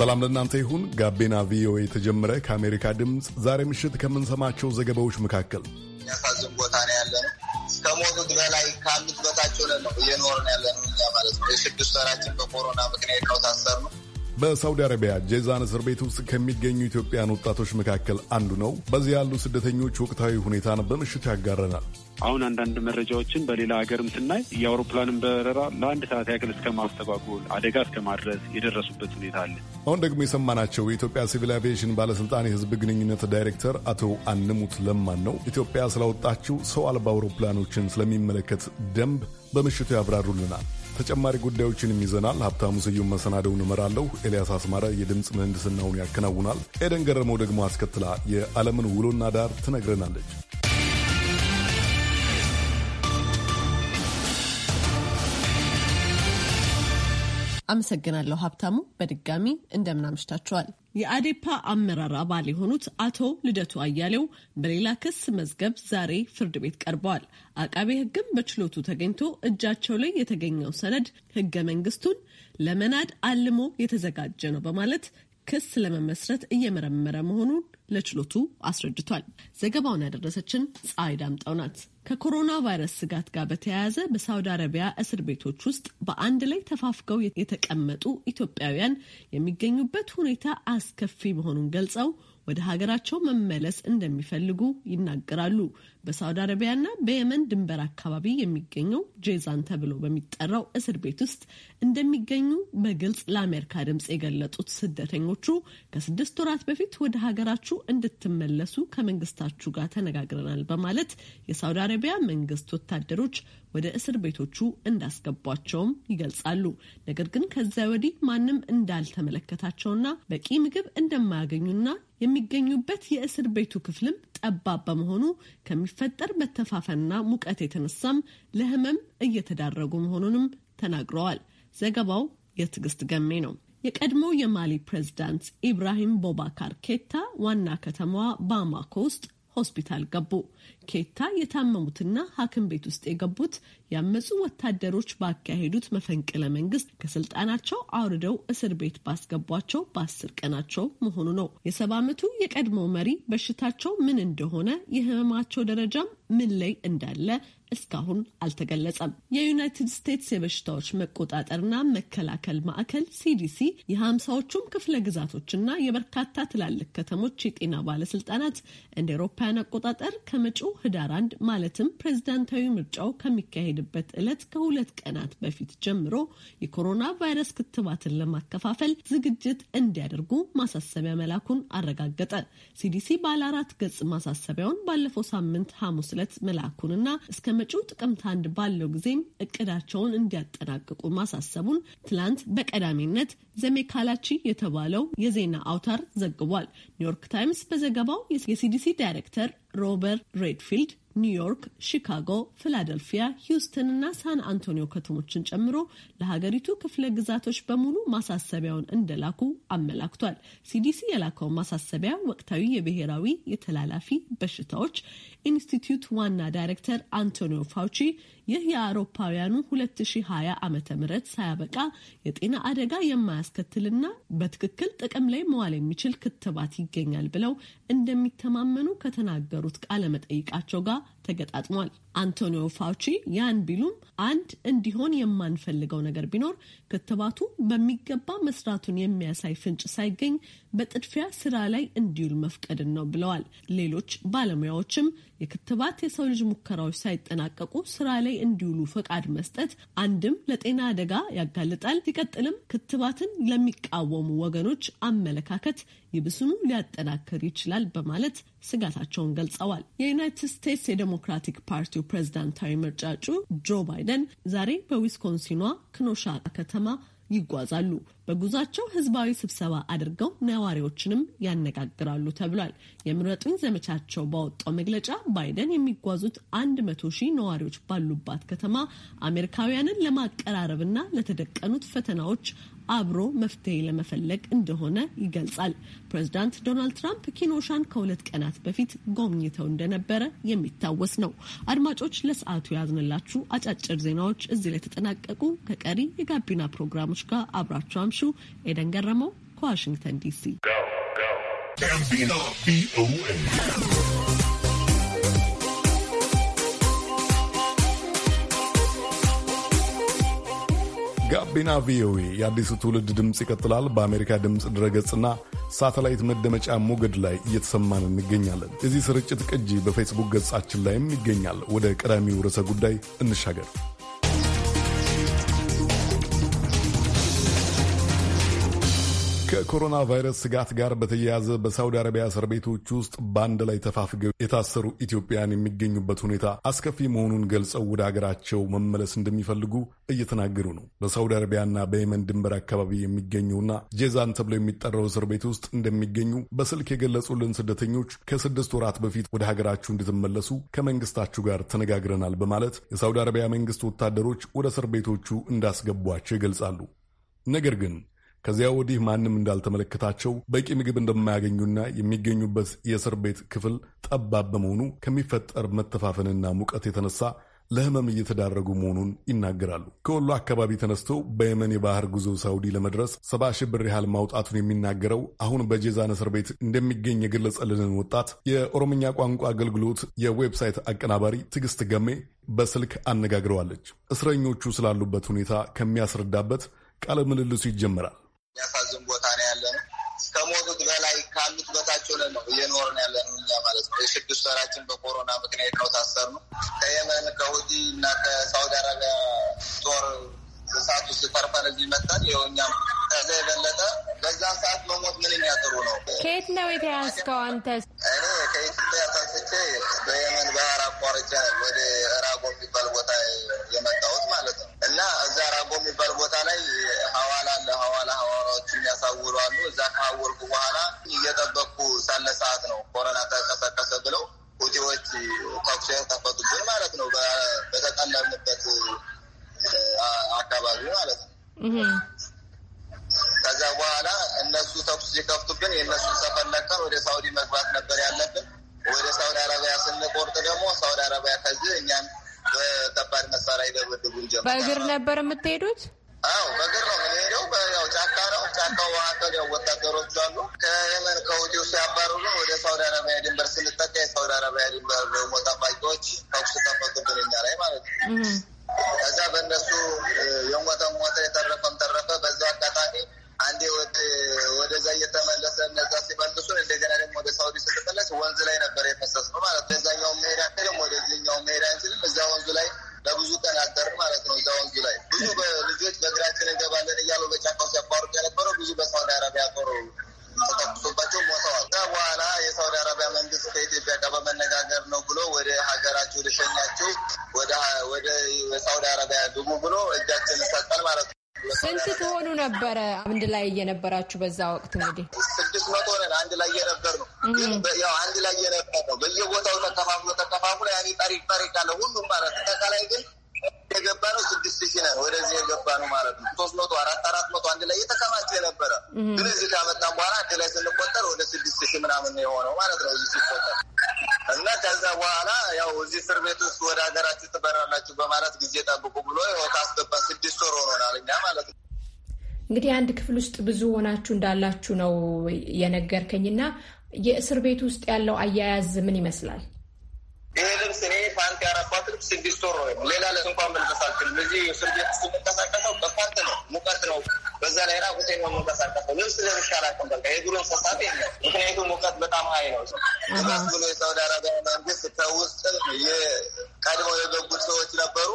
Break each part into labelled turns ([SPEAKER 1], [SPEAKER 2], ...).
[SPEAKER 1] ሰላም ለእናንተ ይሁን። ጋቢና ቪኦኤ የተጀመረ ከአሜሪካ ድምፅ ዛሬ ምሽት ከምንሰማቸው ዘገባዎች መካከል
[SPEAKER 2] የሚያሳዝን ቦታ ነው ያለ ነው። ከሞቱት በላይ ካሉት በታች ሆነን ነው እየኖርን ያለ ነው እኛ ማለት ነው። የስድስት ወራችን በኮሮና
[SPEAKER 3] ምክንያት ነው ታሰር ነው።
[SPEAKER 1] በሳውዲ አረቢያ ጄዛን እስር ቤት ውስጥ ከሚገኙ ኢትዮጵያን ወጣቶች መካከል አንዱ ነው። በዚህ ያሉ ስደተኞች ወቅታዊ ሁኔታን በምሽቱ ያጋረናል።
[SPEAKER 3] አሁን አንዳንድ መረጃዎችን በሌላ ሀገርም ስናይ የአውሮፕላንን በረራ ለአንድ ሰዓት ያክል እስከ ማስተጓጎል አደጋ እስከ ማድረስ የደረሱበት ሁኔታ አለ።
[SPEAKER 1] አሁን ደግሞ የሰማናቸው የኢትዮጵያ ሲቪል አቪዬሽን ባለስልጣን የህዝብ ግንኙነት ዳይሬክተር አቶ አንሙት ለማን ነው። ኢትዮጵያ ስላወጣችው ሰው አልባ አውሮፕላኖችን ስለሚመለከት ደንብ በምሽቱ ያብራሩልናል። ተጨማሪ ጉዳዮችንም ይዘናል። ሀብታሙ ስዩም መሰናደውን እመራለሁ። ኤልያስ አስማረ የድምፅ ምህንድስናውን ያከናውናል። ኤደን ገረመው ደግሞ አስከትላ የዓለምን ውሎና ዳር ትነግረናለች።
[SPEAKER 4] አመሰግናለሁ ሀብታሙ። በድጋሚ እንደምናምሽታችኋል። የአዴፓ አመራር አባል የሆኑት አቶ ልደቱ አያሌው በሌላ ክስ መዝገብ ዛሬ ፍርድ ቤት ቀርበዋል። አቃቤ ሕግም በችሎቱ ተገኝቶ እጃቸው ላይ የተገኘው ሰነድ ሕገ መንግስቱን ለመናድ አልሞ የተዘጋጀ ነው በማለት ክስ ለመመስረት እየመረመረ መሆኑን ለችሎቱ አስረድቷል። ዘገባውን ያደረሰችን ፀሐይ ዳምጠው ናት። ከኮሮና ቫይረስ ስጋት ጋር በተያያዘ በሳውዲ አረቢያ እስር ቤቶች ውስጥ በአንድ ላይ ተፋፍገው የተቀመጡ ኢትዮጵያውያን የሚገኙበት ሁኔታ አስከፊ መሆኑን ገልጸው ወደ ሀገራቸው መመለስ እንደሚፈልጉ ይናገራሉ። በሳውዲ አረቢያና በየመን ድንበር አካባቢ የሚገኘው ጄዛን ተብሎ በሚጠራው እስር ቤት ውስጥ እንደሚገኙ በግልጽ ለአሜሪካ ድምፅ የገለጡት ስደተኞቹ ከስድስት ወራት በፊት ወደ ሀገራችሁ እንድትመለሱ ከመንግስታችሁ ጋር ተነጋግረናል በማለት የሳውዲ አረቢያ መንግስት ወታደሮች ወደ እስር ቤቶቹ እንዳስገቧቸውም ይገልጻሉ። ነገር ግን ከዚያ ወዲህ ማንም እንዳልተመለከታቸውና በቂ ምግብ እንደማያገኙና የሚገኙበት የእስር ቤቱ ክፍልም ጠባብ በመሆኑ ከሚፈጠር መተፋፈንና ሙቀት የተነሳም ለህመም እየተዳረጉ መሆኑንም ተናግረዋል። ዘገባው የትዕግስት ገሜ ነው። የቀድሞው የማሊ ፕሬዚዳንት ኢብራሂም ቦባካር ኬታ ዋና ከተማዋ ባማኮ ውስጥ ሆስፒታል ገቡ። ኬታ የታመሙትና ሐኪም ቤት ውስጥ የገቡት ያመፁ ወታደሮች ባካሄዱት መፈንቅለ መንግስት ከስልጣናቸው አውርደው እስር ቤት ባስገቧቸው በአስር ቀናቸው መሆኑ ነው። የሰባ የቀድሞ መሪ በሽታቸው ምን እንደሆነ የህመማቸው ደረጃም ምን ላይ እንዳለ እስካሁን አልተገለጸም። የዩናይትድ ስቴትስ የበሽታዎች መቆጣጠርና መከላከል ማዕከል ሲዲሲ የሀምሳዎቹም ክፍለ ግዛቶችና የበርካታ ትላልቅ ከተሞች የጤና ባለስልጣናት እንደ ኤሮፓውያን አቆጣጠር ከመጪው ህዳር አንድ ማለትም ፕሬዚዳንታዊ ምርጫው ከሚካሄድ ከሚካሄድበት ዕለት ከሁለት ቀናት በፊት ጀምሮ የኮሮና ቫይረስ ክትባትን ለማከፋፈል ዝግጅት እንዲያደርጉ ማሳሰቢያ መላኩን አረጋገጠ። ሲዲሲ ባለ አራት ገጽ ማሳሰቢያውን ባለፈው ሳምንት ሐሙስ ዕለት መላኩንና እስከ መጪው ጥቅምት አንድ ባለው ጊዜም እቅዳቸውን እንዲያጠናቅቁ ማሳሰቡን ትላንት በቀዳሚነት ዘሜካላቺ የተባለው የዜና አውታር ዘግቧል። ኒውዮርክ ታይምስ በዘገባው የሲዲሲ ዳይሬክተር ሮበርት ሬድፊልድ ኒውዮርክ፣ ሺካጎ፣ ፊላደልፊያ፣ ሂውስተን እና ሳን አንቶኒዮ ከተሞችን ጨምሮ ለሀገሪቱ ክፍለ ግዛቶች በሙሉ ማሳሰቢያውን እንደላኩ አመላክቷል። ሲዲሲ የላከው ማሳሰቢያ ወቅታዊ የብሔራዊ የተላላፊ በሽታዎች ኢንስቲትዩት ዋና ዳይሬክተር አንቶኒዮ ፋውቺ ይህ የአውሮፓውያኑ 2020 ዓ ም ሳያበቃ የጤና አደጋ የማያስከትልና በትክክል ጥቅም ላይ መዋል የሚችል ክትባት ይገኛል ብለው እንደሚተማመኑ ከተናገሩት ቃለመጠይቃቸው ጋር ተገጣጥሟል። አንቶኒዮ ፋውቺ ያን ቢሉም አንድ እንዲሆን የማንፈልገው ነገር ቢኖር ክትባቱ በሚገባ መስራቱን የሚያሳይ ፍንጭ ሳይገኝ በጥድፊያ ስራ ላይ እንዲውል መፍቀድን ነው ብለዋል። ሌሎች ባለሙያዎችም የክትባት የሰው ልጅ ሙከራዎች ሳይጠናቀቁ ስራ ላይ እንዲውሉ ፈቃድ መስጠት አንድም ለጤና አደጋ ያጋልጣል፣ ሲቀጥልም ክትባትን ለሚቃወሙ ወገኖች አመለካከት ይብሱኑ ሊያጠናከር ይችላል በማለት ስጋታቸውን ገልጸዋል። የዩናይትድ ስቴትስ የዴሞክራቲክ ፓርቲው ፕሬዝዳንታዊ ምርጫ እጩ ጆ ባይደን ዛሬ በዊስኮንሲኗ ክኖሻ ከተማ ይጓዛሉ። በጉዟቸው ህዝባዊ ስብሰባ አድርገው ነዋሪዎችንም ያነጋግራሉ ተብሏል። የምረጡኝ ዘመቻቸው ባወጣው መግለጫ ባይደን የሚጓዙት አንድ መቶ ሺህ ነዋሪዎች ባሉባት ከተማ አሜሪካውያንን ለማቀራረብና ለተደቀኑት ፈተናዎች አብሮ መፍትሄ ለመፈለግ እንደሆነ ይገልጻል። ፕሬዚዳንት ዶናልድ ትራምፕ ኪኖሻን ከሁለት ቀናት በፊት ጎብኝተው እንደነበረ የሚታወስ ነው። አድማጮች፣ ለሰዓቱ ያዝንላችሁ አጫጭር ዜናዎች እዚህ ላይ ተጠናቀቁ። ከቀሪ የጋቢና ፕሮግራሞች ጋር አብራችሁ አምሹ። ኤደን ገረመው ከዋሽንግተን ዲሲ
[SPEAKER 1] ጋቢና ቪኦኤ የአዲሱ ትውልድ ድምፅ ይቀጥላል። በአሜሪካ ድምፅ ድረገጽና ሳተላይት መደመጫ ሞገድ ላይ እየተሰማን እንገኛለን። የዚህ ስርጭት ቅጂ በፌስቡክ ገጻችን ላይም ይገኛል። ወደ ቀዳሚው ርዕሰ ጉዳይ እንሻገር። ከኮሮና ቫይረስ ስጋት ጋር በተያያዘ በሳውዲ አረቢያ እስር ቤቶች ውስጥ በአንድ ላይ ተፋፍገው የታሰሩ ኢትዮጵያን የሚገኙበት ሁኔታ አስከፊ መሆኑን ገልጸው ወደ ሀገራቸው መመለስ እንደሚፈልጉ እየተናገሩ ነው። በሳውዲ አረቢያና በየመን ድንበር አካባቢ የሚገኘውና ጄዛን ተብሎ የሚጠራው እስር ቤት ውስጥ እንደሚገኙ በስልክ የገለጹልን ስደተኞች ከስድስት ወራት በፊት ወደ ሀገራችሁ እንድትመለሱ ከመንግስታችሁ ጋር ተነጋግረናል በማለት የሳውዲ አረቢያ መንግስት ወታደሮች ወደ እስር ቤቶቹ እንዳስገቧቸው ይገልጻሉ። ነገር ግን ከዚያ ወዲህ ማንም እንዳልተመለከታቸው በቂ ምግብ እንደማያገኙና የሚገኙበት የእስር ቤት ክፍል ጠባብ በመሆኑ ከሚፈጠር መተፋፈንና ሙቀት የተነሳ ለህመም እየተዳረጉ መሆኑን ይናገራሉ። ከወሎ አካባቢ ተነስቶ በየመን የባህር ጉዞ ሳውዲ ለመድረስ ሰባ ሺህ ብር ያህል ማውጣቱን የሚናገረው አሁን በጄዛን እስር ቤት እንደሚገኝ የገለጸልንን ወጣት የኦሮምኛ ቋንቋ አገልግሎት የዌብሳይት አቀናባሪ ትዕግስት ገሜ በስልክ አነጋግረዋለች። እስረኞቹ ስላሉበት ሁኔታ ከሚያስረዳበት ቃለ ምልልሱ
[SPEAKER 4] ይጀምራል።
[SPEAKER 2] የሚያሳዝን ቦታ ነው ያለ ነው። ከሞቱት በላይ ካሉት በታች ሆነን ነው እየኖርን ያለ ነው እኛ ማለት ነው። የስድስት ወራችን በኮሮና ምክንያት ነው ታሰር ነው። ከየመን ከሁዲ እና ከሳውዲ አረቢያ ጦር እሳት ውስጥ ተርፈን እዚህ መጣን። ይኸው እኛም ከዛ የበለጠ በዛ
[SPEAKER 5] ሰዓት መሞት ምንኛ ጥሩ ነው። ከየት ነው የተያዝከው አንተ? እኔ ከኢትዮጵያ ተንስቼ በየመን ባህር
[SPEAKER 2] አቋርጬ ወደ ራጎ የሚባል ቦታ የመጣሁት ማለት ነው እና እዛ ራጎ የሚባል ቦታ ላይ ሀዋላ አለ እዛ ካወልኩ በኋላ እየጠበቅኩ ሳለ ሰዓት ነው ኮረና ተቀሰቀሰ ብለው ሁቲዎች ተኩስ ከፈቱብን ማለት ነው። በተጠለልንበት አካባቢ ማለት ነው። ከዛ በኋላ እነሱ ተኩስ ሲከፍቱብን የእነሱን ሰፈር ለቀን ወደ ሳውዲ መግባት ነበር ያለብን። ወደ ሳውዲ አረቢያ ስንቆርጥ ደግሞ ሳውዲ አረቢያ ከዚህ እኛን በከባድ መሳሪያ ይደበድቡን
[SPEAKER 5] ጀመር። በእግር ነበር የምትሄዱት? አዎ
[SPEAKER 2] በእግር ነው የምንሄደው። ያው ጫካ ነው። ጫካው መካከል ያው ወታደሮች አሉ። ከየመን ከውዲ ውስጥ ያባረሩ ወደ ሳውዲ አረቢያ ድንበር ስንጠጋ የሳውዲ አረቢያ ድንበር ደግሞ ጠባቂዎች ተኩስ ከፈቱብን እኛ ላይ ማለት ነው። ከዛ በእነሱ የሞተ ሞተ፣ የተረፈም ተረፈ። በዛ አጋጣሚ አንዴ ወደዛ እየተመለሰ እነዛ ሲመልሱ እንደገና ደግሞ ወደ ሳውዲ ስንመለስ ወንዝ ላይ ነበር የፈሰስ ነው ማለት ነው። ዛኛው መሄድ አንችልም፣ ወደዚህኛው መሄድ አንችልም። እዛ ወንዙ ላይ ለብዙ ቀን አደር
[SPEAKER 5] ላይ እየነበራችሁ በዛ ወቅት እንግዲህ
[SPEAKER 2] ስድስት መቶ ነን አንድ ላይ እየነበር ነው። ያው አንድ ላይ እየነበር ነው። በየቦታው ተከፋፍሎ ተከፋፍሎ ያኔ ጠሪቅ ጠሪቅ አለ ሁሉም ማለት ተካላይ ግን የገባ ነው ስድስት ሺ ነን ወደዚህ የገባ ነው ማለት ነው። ሶስት መቶ አራት አራት መቶ አንድ ላይ እየተከማቸ የነበረ ግን እዚህ ካመጣን በኋላ አንድ ላይ ስንቆጠር ወደ ስድስት ሺ ምናምን የሆነው ማለት ነው እዚህ ሲቆጠር እና ከዛ በኋላ ያው እዚህ እስር ቤት ውስጥ ወደ ሀገራችሁ ትበራላችሁ በማለት ጊዜ ጠብቁ
[SPEAKER 5] እንግዲህ አንድ ክፍል ውስጥ ብዙ ሆናችሁ እንዳላችሁ ነው የነገርከኝና የእስር ቤት ውስጥ ያለው አያያዝ ምን ይመስላል?
[SPEAKER 2] ይህ ልብስ እኔ ፓንት ያረኳት ልብስ ስድስት ወር ነው። ሌላ ልብስ እንኳን መንቀሳቀል አልችልም። እዚህ እስር ቤት ውስጥ የምንቀሳቀሰው በፓንት ነው። ሙቀት ነው። በዛ ላይ ራቁቴ ነው መንቀሳቀሰው። ልብስ ለብሻ አላውቅም። በቃ የዱር እንስሳት የለ። ምክንያቱም ሙቀት በጣም ሀይ ነው። ብሎ የሳውዲ አረቢያ መንግስት ከውስጥ ቀድመው የገቡት ሰዎች ነበሩ።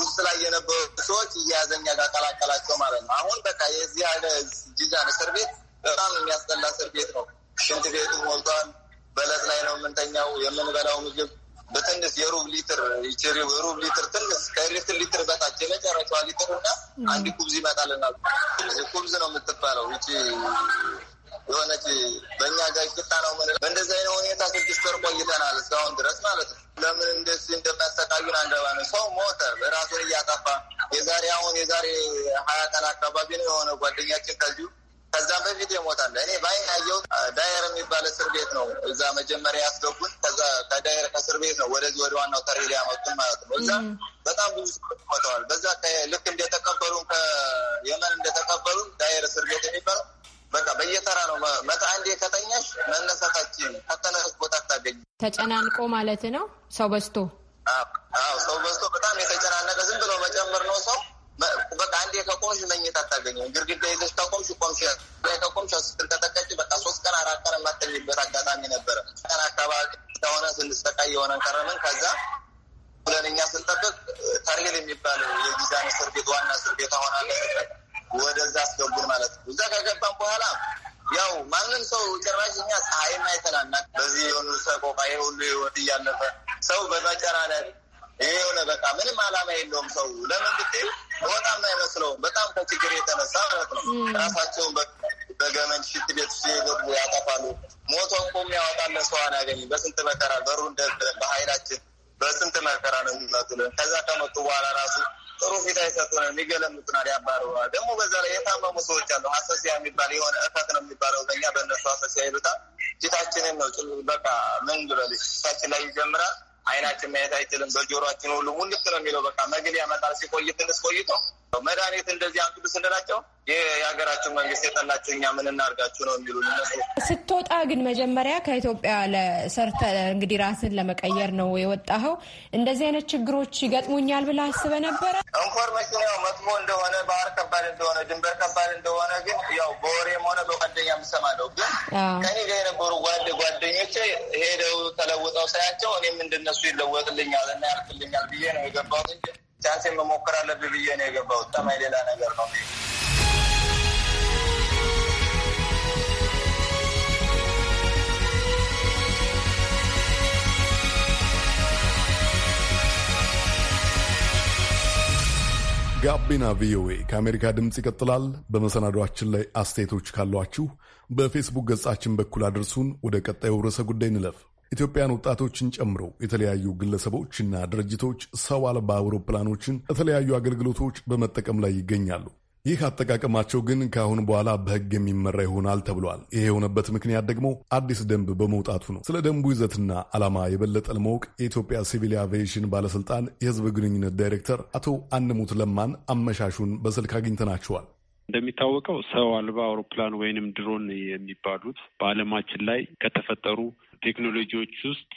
[SPEAKER 2] ውስጥ ላይ የነበሩ ሰዎች እያያዘኛ ጋር ቀላቀላቸው ማለት ነው። አሁን በቃ የዚህ ያለ ጅጃን እስር ቤት በጣም የሚያስጠላ እስር ቤት ነው። ሽንት ቤቱ ሞልቷል። በለት ላይ ነው የምንተኛው። የምንበላው ምግብ በትንሽ የሩብ ሊትር የሩብ ሊትር ትንሽ ከሪትር ሊትር በታች የመጨረሻዋ ሊትር እና አንድ ኩብዝ ይመጣልናል። ኩብዝ ነው የምትባለው ይቺ የሆነች በእኛ ጋር ሽጣ ነው ምን በእንደዚህ አይነት ሁኔታ ስድስት ወር ቆይተናል እስካሁን ድረስ ማለት ነው። ለምን እንደዚህ እንደሚያሰቃዩን አንገባ ነው። ሰው ሞተ፣ ራሱን እያጠፋ የዛሬ አሁን የዛሬ ሀያ ቀን አካባቢ ነው የሆነ ጓደኛችን ከዚሁ ከዛም በፊት የሞታለ እኔ ባይ ያየው ዳየር የሚባል እስር ቤት ነው። እዛ መጀመሪያ ያስገቡን፣ ከዛ ከዳየር ከእስር ቤት ነው ወደዚህ ወደ ዋናው ተሬ ሊያመጡን ማለት ነው። እዛ በጣም ብዙ ሰዎች ሞተዋል። በዛ ልክ እንደተቀበሉን ከየመን እንደተቀበሉን ዳየር እስር ቤት የሚባለው በቃ በየተራ ነው መቶ አንዴ ከተኛሽ መነሳታችን ከተነስ ቦታ ታገኝ
[SPEAKER 5] ተጨናንቆ ማለት ነው። ሰው በዝቶ
[SPEAKER 2] ሰው በዝቶ በጣም የተጨናነቀ ዝም ብሎ መጨመር ነው ሰው በቃ አንዴ ከቆምሽ መኝታ አታገኘ። ግርግዳ ይዘሽ ከቆምሽ ቆምሽ ከቆምሽ ስትንቀጠቀጭ በቃ ሶስት ቀን አራት ቀን የማተኝበት አጋጣሚ ነበረ። ቀን አካባቢ ከሆነ ስንሰቃይ የሆነን ከረምን። ከዛ ብለን እኛ ስንጠብቅ ተርሄል የሚባል የጊዛን እስር ቤት ዋና እስር ቤት ሆናለ ወደዛ አስገቡን ማለት ነው። እዛ ከገባን በኋላ ያው ማንም ሰው ጭራሽ እኛ ፀሐይና የተላና በዚህ የሆኑ ሰቆቃ የሁሉ ህይወት እያለፈ ሰው በመጨናነቅ ይሄ የሆነ በቃ ምንም አላማ የለውም ሰው ለምን ብትል በጣም አይመስለውም። በጣም ከችግር የተነሳ ማለት ነው ራሳቸውን በገመድ ሽት ቤት ውስጥ የገቡ ያጠፋሉ። ሞቶ እኮ የሚያወጣለ ሰው አናገኝ። በስንት መከራ በሩ እንደ በሀይላችን በስንት መከራ ነው የሚመጡልን። ከዛ ከመጡ በኋላ ራሱ ጥሩ ፊት አይሰጡንም፣ ይገለምጡናል፣ ያባርረዋል። ደግሞ በዛ ላይ የታመሙ ሰዎች አሉ። አሰሲያ የሚባል የሆነ እፈት ነው የሚባለው በኛ በእነሱ አሰሲያ ይሉታል። ፊታችንን ነው ጭ በቃ ምን ልበልሽ ፊታችን ላይ ይጀምራል። አይናችን ማየት አይችልም። በጆሮችን ሁሉ ሙልክ ነው የሚለው በቃ መግል ያመጣል። ሲቆይ ትንሽ ቆይቶ መድኃኒት እንደዚህ አንዱ ስንላቸው የሀገራችን መንግስት የጠላቸው እኛ ምን እናርጋችሁ ነው የሚሉ
[SPEAKER 5] እነሱ። ስትወጣ ግን መጀመሪያ ከኢትዮጵያ ለሰርተ እንግዲህ ራስን ለመቀየር ነው የወጣኸው። እንደዚህ አይነት ችግሮች ይገጥሙኛል ብለ አስበ ነበረ?
[SPEAKER 2] ኢንፎርሜሽን ያው መጥፎ እንደሆነ ባህር ከባድ እንደሆነ ድንበር ከባድ እንደሆነ ግን ያው በወሬም ሆነ
[SPEAKER 5] በጓደኛ የምሰማለው ግን ከኔ ጋር የነበሩ ጓደ ጓደኞች ሄደው ተለውጠው
[SPEAKER 2] ሳያቸው እኔም እንደነሱ ይለወጥልኛል እና ያርክልኛል ብዬ ነው የገባሁት እንጂ ቻንሴን መሞከር አለብህ ብዬ ነው የገባው። ጠማኝ ሌላ ነገር ነው።
[SPEAKER 1] ጋቢና ቪኦኤ ከአሜሪካ ድምፅ ይቀጥላል። በመሰናዷችን ላይ አስተያየቶች ካሏችሁ በፌስቡክ ገጻችን በኩል አድርሱን። ወደ ቀጣዩ ርዕሰ ጉዳይ እንለፍ። ኢትዮጵያን ወጣቶችን ጨምሮ የተለያዩ ግለሰቦችና ድርጅቶች ሰው አልባ አውሮፕላኖችን ለተለያዩ አገልግሎቶች በመጠቀም ላይ ይገኛሉ። ይህ አጠቃቀማቸው ግን ከአሁን በኋላ በሕግ የሚመራ ይሆናል ተብሏል። ይህ የሆነበት ምክንያት ደግሞ አዲስ ደንብ በመውጣቱ ነው። ስለ ደንቡ ይዘትና ዓላማ የበለጠ ለማወቅ የኢትዮጵያ ሲቪል አቪዬሽን ባለስልጣን የሕዝብ ግንኙነት ዳይሬክተር አቶ አንሙት ለማን አመሻሹን በስልክ አግኝተናቸዋል።
[SPEAKER 3] እንደሚታወቀው ሰው አልባ አውሮፕላን ወይንም ድሮን የሚባሉት በዓለማችን ላይ ከተፈጠሩ ቴክኖሎጂዎች ውስጥ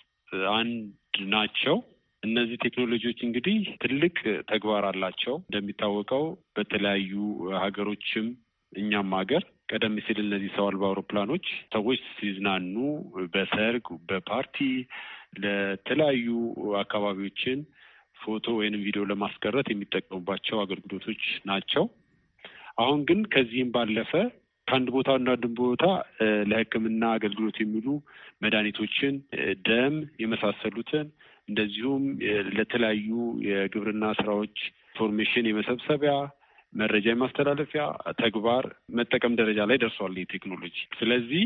[SPEAKER 3] አንድ ናቸው። እነዚህ ቴክኖሎጂዎች እንግዲህ ትልቅ ተግባር አላቸው። እንደሚታወቀው በተለያዩ ሀገሮችም እኛም ሀገር ቀደም ሲል እነዚህ ሰው አልባ አውሮፕላኖች ሰዎች ሲዝናኑ፣ በሰርግ፣ በፓርቲ ለተለያዩ አካባቢዎችን ፎቶ ወይም ቪዲዮ ለማስቀረት የሚጠቀሙባቸው አገልግሎቶች ናቸው። አሁን ግን ከዚህም ባለፈ ከአንድ ቦታ እና አንድ ቦታ ለሕክምና አገልግሎት የሚሉ መድኃኒቶችን፣ ደም የመሳሰሉትን እንደዚሁም ለተለያዩ የግብርና ስራዎች ኢንፎርሜሽን የመሰብሰቢያ መረጃ የማስተላለፊያ ተግባር መጠቀም ደረጃ ላይ ደርሷል የቴክኖሎጂ። ስለዚህ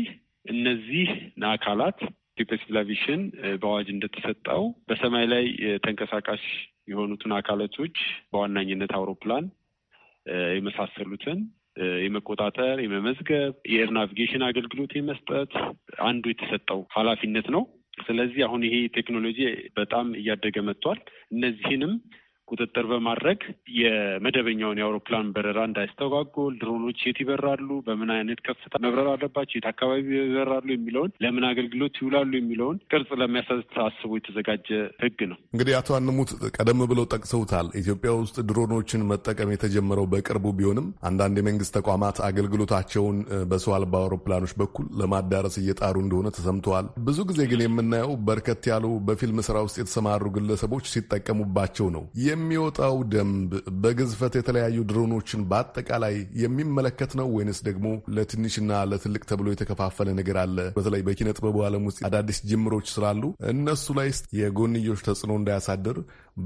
[SPEAKER 3] እነዚህ አካላት ኢትዮጵያ ሲቪል አቪዬሽን በአዋጅ እንደተሰጠው በሰማይ ላይ ተንቀሳቃሽ የሆኑትን አካላቶች በዋናኝነት አውሮፕላን የመሳሰሉትን የመቆጣጠር፣ የመመዝገብ፣ የኤር ናቪጌሽን አገልግሎት የመስጠት አንዱ የተሰጠው ኃላፊነት ነው። ስለዚህ አሁን ይሄ ቴክኖሎጂ በጣም እያደገ መጥቷል። እነዚህንም ቁጥጥር በማድረግ የመደበኛውን የአውሮፕላን በረራ እንዳይስተጓጎል፣ ድሮኖች የት ይበራሉ፣ በምን አይነት ከፍታ መብረር አለባቸው፣ የት አካባቢ ይበራሉ የሚለውን ለምን አገልግሎት ይውላሉ የሚለውን ቅርጽ ለሚያሳዝ ታስቦ የተዘጋጀ ህግ ነው።
[SPEAKER 1] እንግዲህ አቶ አንሙት ቀደም ብለው ጠቅሰውታል። ኢትዮጵያ ውስጥ ድሮኖችን መጠቀም የተጀመረው በቅርቡ ቢሆንም አንዳንድ የመንግስት ተቋማት አገልግሎታቸውን በሰው አልባ አውሮፕላኖች በኩል ለማዳረስ እየጣሩ እንደሆነ ተሰምተዋል። ብዙ ጊዜ ግን የምናየው በርከት ያሉ በፊልም ስራ ውስጥ የተሰማሩ ግለሰቦች ሲጠቀሙባቸው ነው። የሚወጣው ደንብ በግዝፈት የተለያዩ ድሮኖችን በአጠቃላይ የሚመለከት ነው ወይንስ ደግሞ ለትንሽና ለትልቅ ተብሎ የተከፋፈለ ነገር አለ? በተለይ በኪነ ጥበቡ ዓለም ውስጥ አዳዲስ ጅምሮች ስላሉ እነሱ ላይ የጎንዮሽ ተጽዕኖ እንዳያሳድር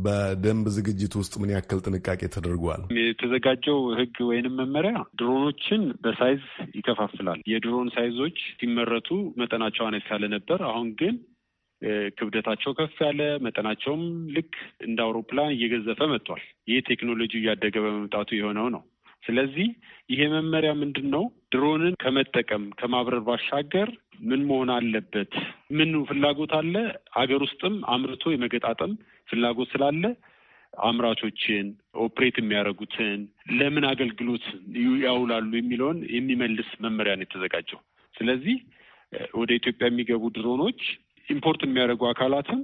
[SPEAKER 1] በደንብ ዝግጅት ውስጥ ምን ያክል ጥንቃቄ ተደርጓል?
[SPEAKER 3] የተዘጋጀው ህግ ወይንም መመሪያ ድሮኖችን በሳይዝ ይከፋፍላል። የድሮን ሳይዞች ሲመረቱ መጠናቸው አነስ ያለ ነበር። አሁን ግን ክብደታቸው ከፍ ያለ መጠናቸውም ልክ እንደ አውሮፕላን እየገዘፈ መጥቷል። ይህ ቴክኖሎጂ እያደገ በመምጣቱ የሆነው ነው። ስለዚህ ይሄ መመሪያ ምንድን ነው? ድሮንን ከመጠቀም ከማብረር ባሻገር ምን መሆን አለበት? ምን ፍላጎት አለ? አገር ውስጥም አምርቶ የመገጣጠም ፍላጎት ስላለ አምራቾችን ኦፕሬት የሚያደርጉትን ለምን አገልግሎት ያውላሉ የሚለውን የሚመልስ መመሪያ ነው የተዘጋጀው። ስለዚህ ወደ ኢትዮጵያ የሚገቡ ድሮኖች ኢምፖርት የሚያደርጉ አካላትም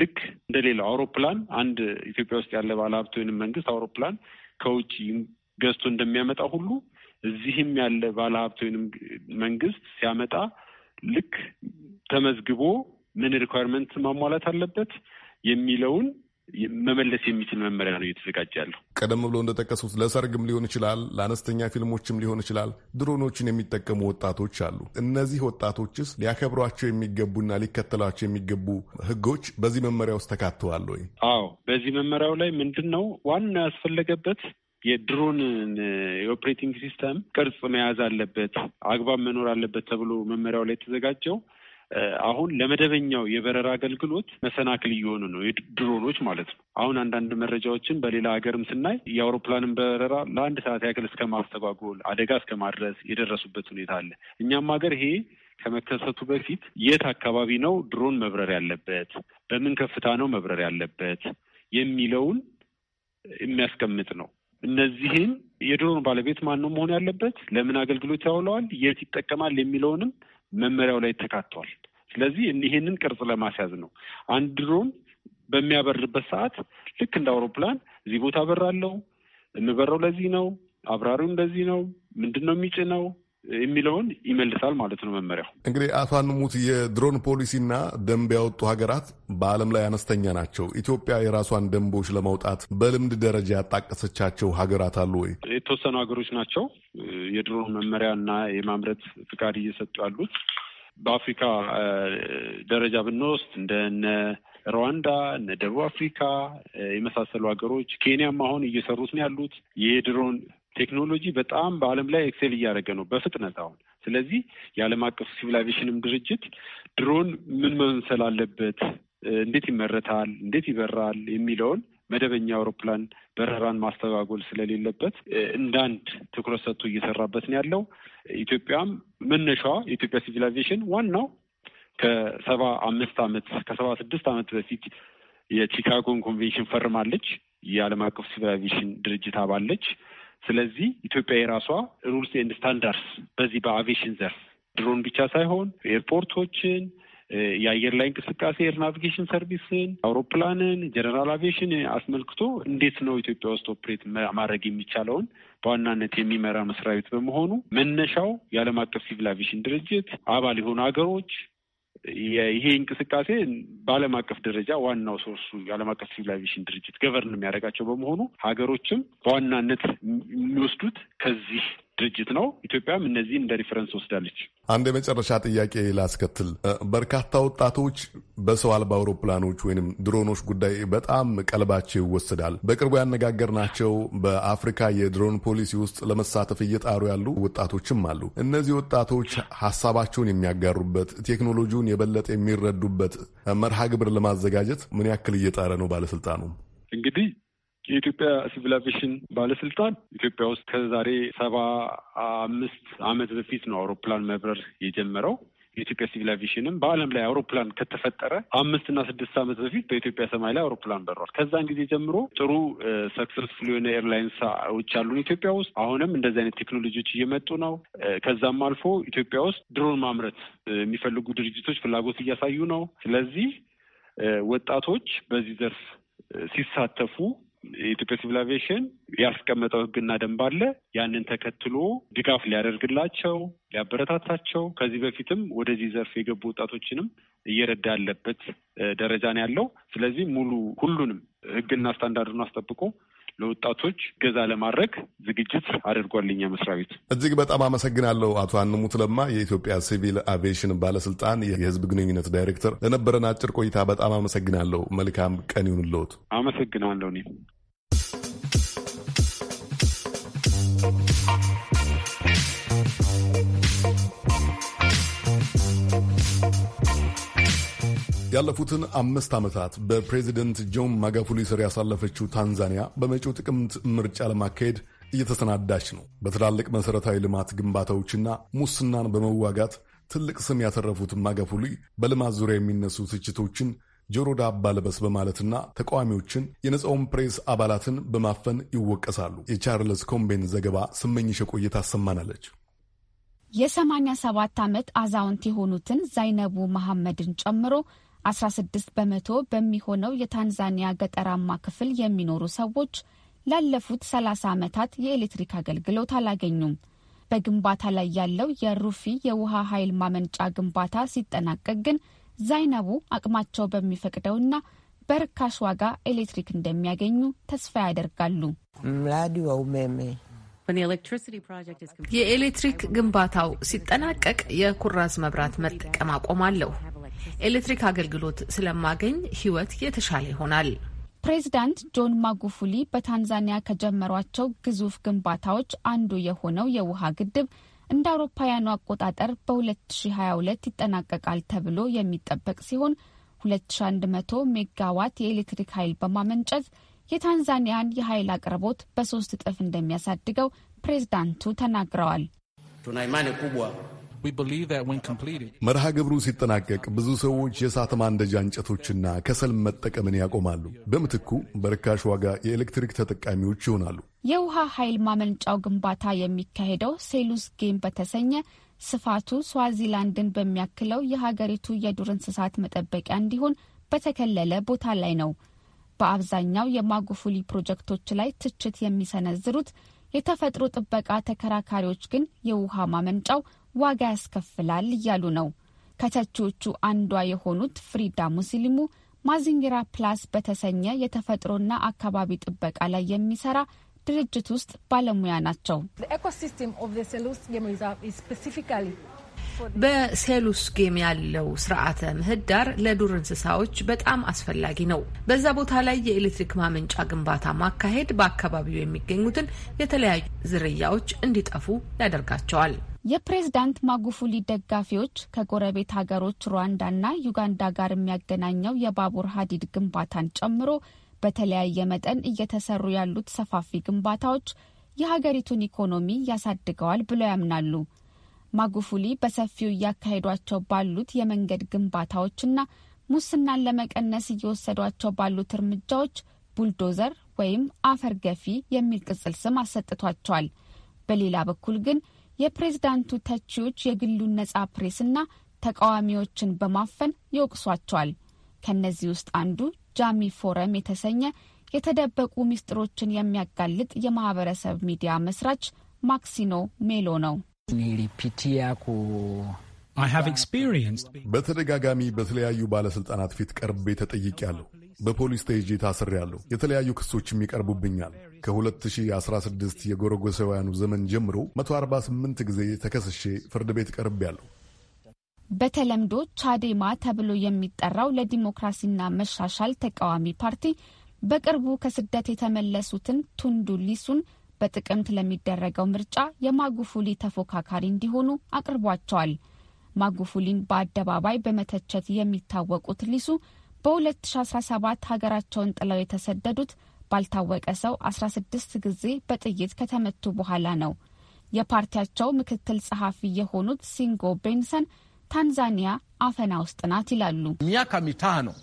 [SPEAKER 3] ልክ እንደሌላው አውሮፕላን አንድ ኢትዮጵያ ውስጥ ያለ ባለሀብት ወይንም መንግስት አውሮፕላን ከውጭ ገዝቶ እንደሚያመጣ ሁሉ እዚህም ያለ ባለሀብት ወይንም መንግስት ሲያመጣ ልክ ተመዝግቦ ምን ሪኳርመንት ማሟላት አለበት የሚለውን መመለስ የሚችል መመሪያ ነው እየተዘጋጀ ያለው።
[SPEAKER 1] ቀደም ብሎ እንደጠቀሱት ለሰርግም ሊሆን ይችላል፣ ለአነስተኛ ፊልሞችም ሊሆን ይችላል። ድሮኖችን የሚጠቀሙ ወጣቶች አሉ። እነዚህ ወጣቶችስ ሊያከብሯቸው የሚገቡና ሊከተሏቸው የሚገቡ ህጎች በዚህ መመሪያ ውስጥ ተካተዋል ወይ?
[SPEAKER 3] አዎ፣ በዚህ መመሪያው ላይ ምንድን ነው ዋና ያስፈለገበት የድሮን የኦፕሬቲንግ ሲስተም ቅርጽ መያዝ አለበት፣ አግባብ መኖር አለበት ተብሎ መመሪያው ላይ የተዘጋጀው አሁን ለመደበኛው የበረራ አገልግሎት መሰናክል እየሆኑ ነው፣ ድሮኖች ማለት ነው። አሁን አንዳንድ መረጃዎችን በሌላ ሀገርም ስናይ የአውሮፕላንን በረራ ለአንድ ሰዓት ያክል እስከ ማስተጓጎል፣ አደጋ እስከ ማድረስ የደረሱበት ሁኔታ አለ። እኛም ሀገር ይሄ ከመከሰቱ በፊት የት አካባቢ ነው ድሮን መብረር ያለበት፣ በምን ከፍታ ነው መብረር ያለበት የሚለውን የሚያስቀምጥ ነው። እነዚህን የድሮን ባለቤት ማን ነው መሆን ያለበት፣ ለምን አገልግሎት ያውለዋል፣ የት ይጠቀማል የሚለውንም መመሪያው ላይ ተካቷል። ስለዚህ ይህንን ቅርጽ ለማስያዝ ነው። አንድ ድሮን በሚያበርበት ሰዓት ልክ እንደ አውሮፕላን እዚህ ቦታ በራለው፣ የምበረው ለዚህ ነው፣ አብራሪው እንደዚህ ነው፣ ምንድን ነው የሚጭነው፣ የሚለውን ይመልሳል ማለት ነው መመሪያው።
[SPEAKER 1] እንግዲህ አቶ አንሙት የድሮን ፖሊሲና ደንብ ያወጡ ሀገራት በዓለም ላይ አነስተኛ ናቸው። ኢትዮጵያ የራሷን ደንቦች ለማውጣት በልምድ ደረጃ ያጣቀሰቻቸው ሀገራት አሉ ወይ?
[SPEAKER 3] የተወሰኑ ሀገሮች ናቸው የድሮን መመሪያና የማምረት ፍቃድ እየሰጡ ያሉት። በአፍሪካ ደረጃ ብንወስድ እንደነ ሩዋንዳ፣ እነ ደቡብ አፍሪካ የመሳሰሉ ሀገሮች ኬንያም አሁን እየሰሩት ነው ያሉት። የድሮን ቴክኖሎጂ በጣም በዓለም ላይ ኤክሴል እያደረገ ነው በፍጥነት አሁን። ስለዚህ የዓለም አቀፍ ሲቪላይዜሽንም ድርጅት ድሮን ምን መምሰል አለበት፣ እንዴት ይመረታል፣ እንዴት ይበራል የሚለውን መደበኛ አውሮፕላን በረራን ማስተጓጎል ስለሌለበት እንዳንድ ትኩረት ሰጥቶ እየሰራበት ነው ያለው። ኢትዮጵያም መነሻዋ የኢትዮጵያ ሲቪላይዜሽን ዋናው ከሰባ አምስት ዓመት ከሰባ ስድስት ዓመት በፊት የቺካጎን ኮንቬንሽን ፈርማለች። የዓለም አቀፍ ሲቪላይዜሽን ድርጅት አባለች። ስለዚህ ኢትዮጵያ የራሷ ሩልስ ኤንድ ስታንዳርድስ በዚህ በአቪሽን ዘርፍ ድሮን ብቻ ሳይሆን ኤርፖርቶችን፣ የአየር ላይ እንቅስቃሴ ኤር ናቪጌሽን ሰርቪስን፣ አውሮፕላንን፣ ጀነራል አቪሽን አስመልክቶ እንዴት ነው ኢትዮጵያ ውስጥ ኦፕሬት ማድረግ የሚቻለውን በዋናነት የሚመራ መስሪያ ቤት በመሆኑ መነሻው የዓለም አቀፍ ሲቪል አቪሽን ድርጅት አባል የሆኑ ሀገሮች ይሄ እንቅስቃሴ በዓለም አቀፍ ደረጃ ዋናው ሶርሱ የዓለም አቀፍ ሲቪላይዜሽን ድርጅት ገቨርን የሚያደርጋቸው በመሆኑ ሀገሮችም በዋናነት የሚወስዱት ከዚህ ድርጅት ነው። ኢትዮጵያም እነዚህን እንደ ሪፈረንስ ወስዳለች።
[SPEAKER 1] አንድ የመጨረሻ ጥያቄ ላስከትል። በርካታ ወጣቶች በሰው አልባ አውሮፕላኖች ወይም ድሮኖች ጉዳይ በጣም ቀልባቸው ይወስዳል። በቅርቡ ያነጋገርናቸው በአፍሪካ የድሮን ፖሊሲ ውስጥ ለመሳተፍ እየጣሩ ያሉ ወጣቶችም አሉ። እነዚህ ወጣቶች ሀሳባቸውን የሚያጋሩበት ቴክኖሎጂውን የበለጠ የሚረዱበት መርሃ ግብር ለማዘጋጀት ምን ያክል እየጣረ ነው ባለስልጣኑ?
[SPEAKER 3] እንግዲህ የኢትዮጵያ ሲቪል አቪሽን ባለስልጣን ኢትዮጵያ ውስጥ ከዛሬ ሰባ አምስት አመት በፊት ነው አውሮፕላን መብረር የጀመረው። የኢትዮጵያ ሲቪል አቪሽንም በዓለም ላይ አውሮፕላን ከተፈጠረ አምስት እና ስድስት ዓመት በፊት በኢትዮጵያ ሰማይ ላይ አውሮፕላን በሯል። ከዛን ጊዜ ጀምሮ ጥሩ ሰክሰስፉል የሆነ ኤርላይንሶች አሉን ኢትዮጵያ ውስጥ። አሁንም እንደዚህ አይነት ቴክኖሎጂዎች እየመጡ ነው። ከዛም አልፎ ኢትዮጵያ ውስጥ ድሮን ማምረት የሚፈልጉ ድርጅቶች ፍላጎት እያሳዩ ነው። ስለዚህ ወጣቶች በዚህ ዘርፍ ሲሳተፉ የኢትዮጵያ ሲቪል አቪዬሽን ያስቀመጠው ህግና ደንብ አለ። ያንን ተከትሎ ድጋፍ ሊያደርግላቸው፣ ሊያበረታታቸው ከዚህ በፊትም ወደዚህ ዘርፍ የገቡ ወጣቶችንም እየረዳ ያለበት ደረጃ ነው ያለው። ስለዚህ ሙሉ ሁሉንም ህግና ስታንዳርዱን አስጠብቆ ለወጣቶች ገዛ ለማድረግ ዝግጅት አድርጓል የኛ መስሪያ ቤት። እጅግ በጣም
[SPEAKER 1] አመሰግናለሁ አቶ አንሙት ለማ የኢትዮጵያ ሲቪል አቪዬሽን ባለስልጣን የህዝብ ግንኙነት ዳይሬክተር። ለነበረን አጭር ቆይታ በጣም አመሰግናለሁ። መልካም ቀን ይሁንልዎት።
[SPEAKER 3] አመሰግናለሁ እኔም
[SPEAKER 1] ያለፉትን አምስት ዓመታት በፕሬዚደንት ጆን ማጋፉሊ ስር ያሳለፈችው ታንዛኒያ በመጪው ጥቅምት ምርጫ ለማካሄድ እየተሰናዳች ነው። በትላልቅ መሠረታዊ ልማት ግንባታዎችና ሙስናን በመዋጋት ትልቅ ስም ያተረፉት ማጋፉሊ በልማት ዙሪያ የሚነሱ ትችቶችን ጆሮ ዳባ ልበስ በማለትና ተቃዋሚዎችን የነጻውን ፕሬስ አባላትን በማፈን ይወቀሳሉ። የቻርልስ ኮምቤን ዘገባ ስመኝሽ ቆይታ ታሰማናለች።
[SPEAKER 5] የ87 ዓመት አዛውንት የሆኑትን ዛይነቡ መሐመድን ጨምሮ 16 በመቶ በሚሆነው የታንዛኒያ ገጠራማ ክፍል የሚኖሩ ሰዎች ላለፉት 30 ዓመታት የኤሌክትሪክ አገልግሎት አላገኙም። በግንባታ ላይ ያለው የሩፊ የውሃ ኃይል ማመንጫ ግንባታ ሲጠናቀቅ ግን ዛይነቡ አቅማቸው በሚፈቅደውና በርካሽ ዋጋ ኤሌክትሪክ እንደሚያገኙ ተስፋ ያደርጋሉ። የኤሌክትሪክ ግንባታው ሲጠናቀቅ የኩራዝ መብራት መጠቀም አቆማለሁ። ኤሌክትሪክ አገልግሎት ስለማገኝ ህይወት የተሻለ ይሆናል። ፕሬዚዳንት ጆን ማጉፉሊ በታንዛኒያ ከጀመሯቸው ግዙፍ ግንባታዎች አንዱ የሆነው የውሃ ግድብ እንደ አውሮፓውያኑ አቆጣጠር በ2022 ይጠናቀቃል ተብሎ የሚጠበቅ ሲሆን 2100 ሜጋዋት የኤሌክትሪክ ኃይል በማመንጨት የታንዛኒያን የኃይል አቅርቦት በሶስት እጥፍ እንደሚያሳድገው ፕሬዝዳንቱ ተናግረዋል።
[SPEAKER 3] ቱና ኢማኒ ኩብዋ
[SPEAKER 1] መርሃ ግብሩ ሲጠናቀቅ ብዙ ሰዎች የእሳት ማንደጃ እንጨቶችና ከሰል መጠቀምን ያቆማሉ። በምትኩ በርካሽ ዋጋ የኤሌክትሪክ ተጠቃሚዎች ይሆናሉ።
[SPEAKER 5] የውሃ ኃይል ማመንጫው ግንባታ የሚካሄደው ሴሉስ ጌም በተሰኘ ስፋቱ ስዋዚላንድን በሚያክለው የሀገሪቱ የዱር እንስሳት መጠበቂያ እንዲሆን በተከለለ ቦታ ላይ ነው። በአብዛኛው የማጉፉሊ ፕሮጀክቶች ላይ ትችት የሚሰነዝሩት የተፈጥሮ ጥበቃ ተከራካሪዎች ግን የውሃ ማመንጫው ዋጋ ያስከፍላል እያሉ ነው። ከተቺዎቹ አንዷ የሆኑት ፍሪዳ ሙስሊሙ ማዚንግራ ፕላስ በተሰኘ የተፈጥሮና አካባቢ ጥበቃ ላይ የሚሰራ ድርጅት ውስጥ ባለሙያ ናቸው። በሴሉስጌም ጌም ያለው ስርዓተ ምህዳር ለዱር እንስሳዎች በጣም አስፈላጊ ነው። በዛ ቦታ ላይ የኤሌክትሪክ ማመንጫ ግንባታ ማካሄድ በአካባቢው የሚገኙትን የተለያዩ ዝርያዎች እንዲጠፉ ያደርጋቸዋል። የፕሬዝዳንት ማጉፉሊ ደጋፊዎች ከጎረቤት ሀገሮች ሩዋንዳና ዩጋንዳ ጋር የሚያገናኘው የባቡር ሀዲድ ግንባታን ጨምሮ በተለያየ መጠን እየተሰሩ ያሉት ሰፋፊ ግንባታዎች የሀገሪቱን ኢኮኖሚ ያሳድገዋል ብለው ያምናሉ። ማጉፉሊ በሰፊው እያካሄዷቸው ባሉት የመንገድ ግንባታዎችና ሙስናን ለመቀነስ እየወሰዷቸው ባሉት እርምጃዎች ቡልዶዘር ወይም አፈር ገፊ የሚል ቅጽል ስም አሰጥቷቸዋል። በሌላ በኩል ግን የፕሬዝዳንቱ ተቺዎች የግሉን ነጻ ፕሬስና ተቃዋሚዎችን በማፈን ይወቅሷቸዋል። ከእነዚህ ውስጥ አንዱ ጃሚ ፎረም የተሰኘ የተደበቁ ምስጢሮችን የሚያጋልጥ የማህበረሰብ ሚዲያ መስራች ማክሲኖ ሜሎ ነው።
[SPEAKER 1] በተደጋጋሚ በተለያዩ ባለሥልጣናት ፊት ቀርቤ ተጠይቄያለሁ። በፖሊስ ተይዤ ታስሬያለሁ። የተለያዩ ክሶችም ይቀርቡብኛል። ከ2016 የጎረጎሰውያኑ ዘመን ጀምሮ 148 ጊዜ ተከስሼ ፍርድ ቤት ቀርቤያለሁ።
[SPEAKER 5] በተለምዶ ቻዴማ ተብሎ የሚጠራው ለዲሞክራሲና መሻሻል ተቃዋሚ ፓርቲ በቅርቡ ከስደት የተመለሱትን ቱንዱ ሊሱን በጥቅምት ለሚደረገው ምርጫ የማጉፉሊ ተፎካካሪ እንዲሆኑ አቅርቧቸዋል። ማጉፉሊን በአደባባይ በመተቸት የሚታወቁት ሊሱ በ2017 ሀገራቸውን ጥለው የተሰደዱት ባልታወቀ ሰው 16 ጊዜ በጥይት ከተመቱ በኋላ ነው። የፓርቲያቸው ምክትል ጸሐፊ የሆኑት ሲንጎ ቤንሰን ታንዛኒያ አፈና ውስጥ ናት ይላሉ።
[SPEAKER 1] ሚያካ ነው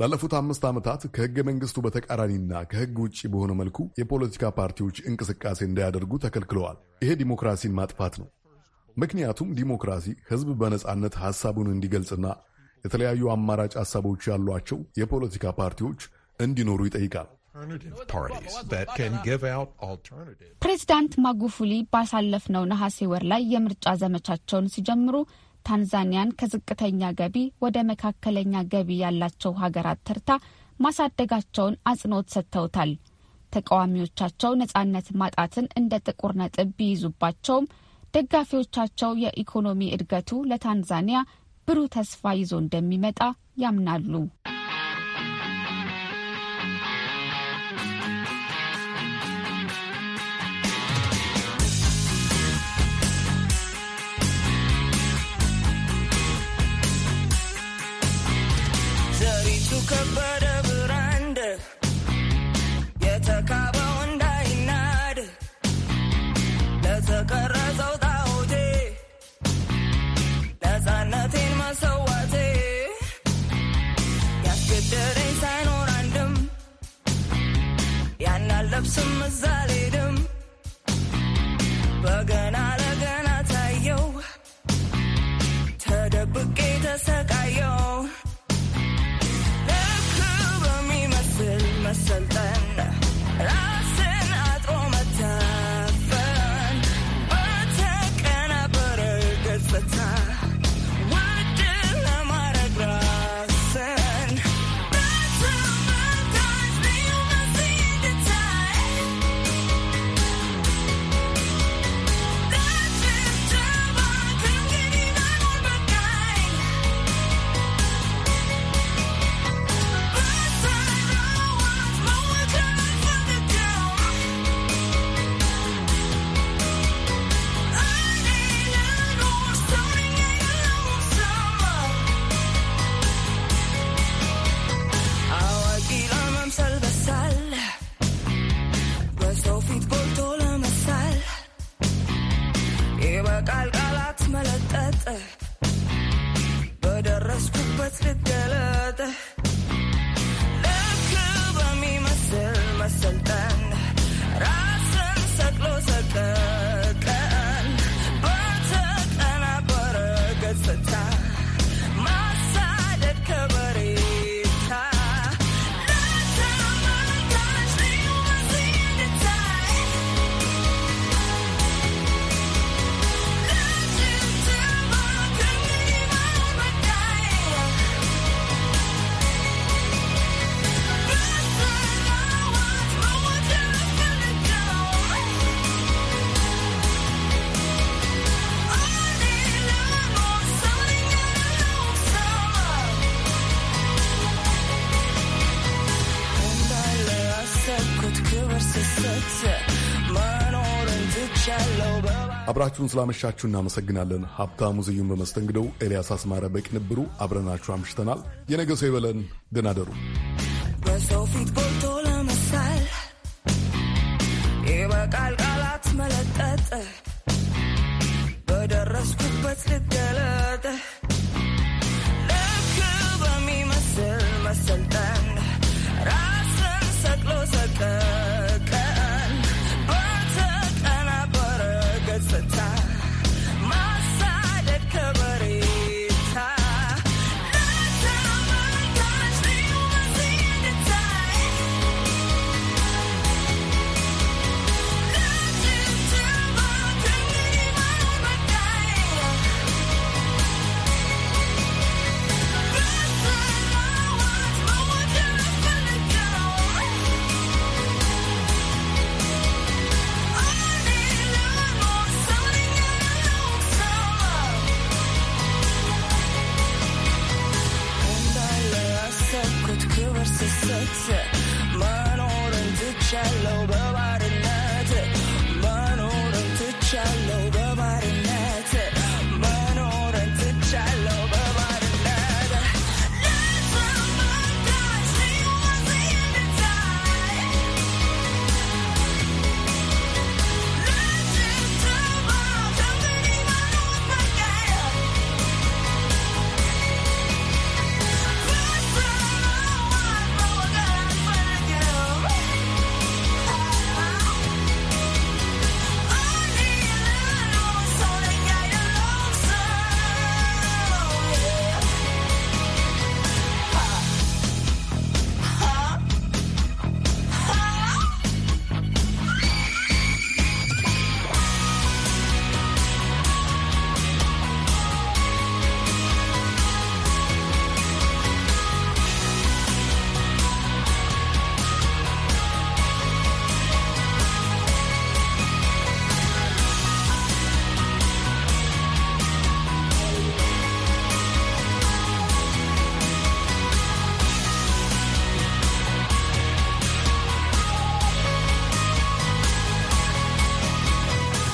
[SPEAKER 1] ላለፉት አምስት ዓመታት ከሕገ መንግሥቱ በተቃራኒና ከሕግ ውጭ በሆነ መልኩ የፖለቲካ ፓርቲዎች እንቅስቃሴ እንዳያደርጉ ተከልክለዋል። ይሄ ዲሞክራሲን ማጥፋት ነው። ምክንያቱም ዲሞክራሲ ህዝብ በነጻነት ሐሳቡን እንዲገልጽና የተለያዩ አማራጭ ሐሳቦች ያሏቸው የፖለቲካ ፓርቲዎች እንዲኖሩ ይጠይቃል።
[SPEAKER 5] ፕሬዚዳንት ማጉፉሊ ባሳለፍነው ነሐሴ ወር ላይ የምርጫ ዘመቻቸውን ሲጀምሩ ታንዛኒያን ከዝቅተኛ ገቢ ወደ መካከለኛ ገቢ ያላቸው ሀገራት ተርታ ማሳደጋቸውን አጽንኦት ሰጥተውታል። ተቃዋሚዎቻቸው ነጻነት ማጣትን እንደ ጥቁር ነጥብ ቢይዙባቸውም ደጋፊዎቻቸው የኢኮኖሚ እድገቱ ለታንዛኒያ ብሩህ ተስፋ ይዞ እንደሚመጣ ያምናሉ።
[SPEAKER 6] some mazali
[SPEAKER 1] አብራችሁን ስላመሻችሁ እናመሰግናለን። ሀብታሙ ዝዩን በመስተንግደው፣ ኤልያስ አስማረ በቅንብሩ አብረናችሁ አምሽተናል። የነገ ሰው ይበለን። ደህና
[SPEAKER 6] በሰው ፊት ቦልቶ ለመሳል ይበቃል ቃላት መለጠጥ በደረስኩበት ልደለ